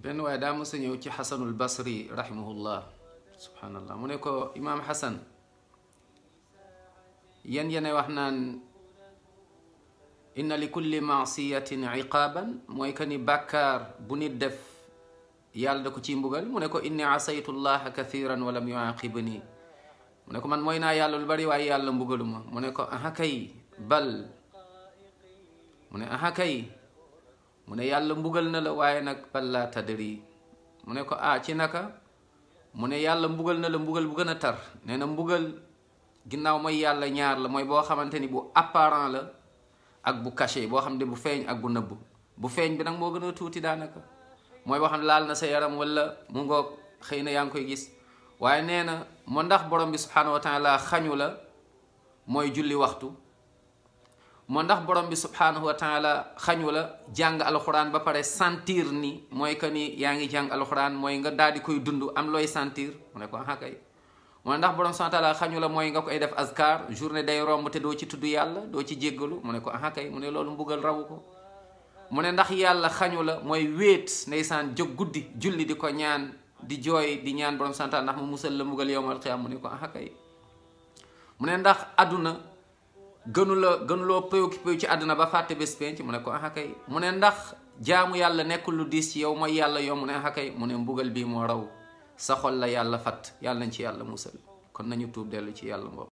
بن وادام سنيوتي حسن البصري رحمه الله سبحان الله منكو امام حسن ين ين وحنان ان لكل معصيه عقابا موي كاني بكار بني دف يال داكو تي مبال منكو اني عصيت الله كثيرا ولم يعاقبني منكو من موينا يال البري واي يال مبغلوما منكو اها كاي بل من اها كاي mu ne yàlla mbugal na la waaye nag balla tadri mu ne ko ah ci naka mu ne yàlla mbugal na la mbugal bu gën a tar nee na mbugal ginnaaw mooy yàlla ñaar la mooy boo xamante ni bu apparent la ak bu caché boo xam ne bu feeñ ak bu nëbb bu feeñ bi nag moo gën a tuuti daanaka mooy boo xam laal na sa yaram walla mu ngoog xëy na yaa ngi koy gis waaye nee na mu ndax borom bi subhanahu wa taala xañu la mooy julli waxtu moo ndax borom bi subhanahu wa taala xañu la jàng alxuraan ba pare sentir nii mooy que ni yaa ngi jàng alxuraan mooy nga daal di koy dund am looy sentir mu ne ko ah kay ndax borom subhanahu wa taala xañu la mooy nga koy def azkar journée day romb te doo ci tudd yàlla doo ci jéggalu mu ne ko ah mu ne loolu mbugal rawu ko mu ne ndax yàlla xañu la mooy wéet ndeysaan jog guddi julli di ko ñaan di jooy di ñaan borom subhanahu wa ndax mu musal la mbugal yowmal qiyaam mu ne ko ah kay mu ne ndax àdduna gënu la gënuloo préoccupé ci àddina ba fàtte bés penc mu ne ko ah kay mu ne ndax jaamu yàlla nekkul lu diis ci yow mooy yàlla yow mu ne ah kay mu ne mbugal bii moo raw sa xol la yàlla fatt yàlla nañ ci yàlla musal kon nañu tuub dellu ci yàlla mboobu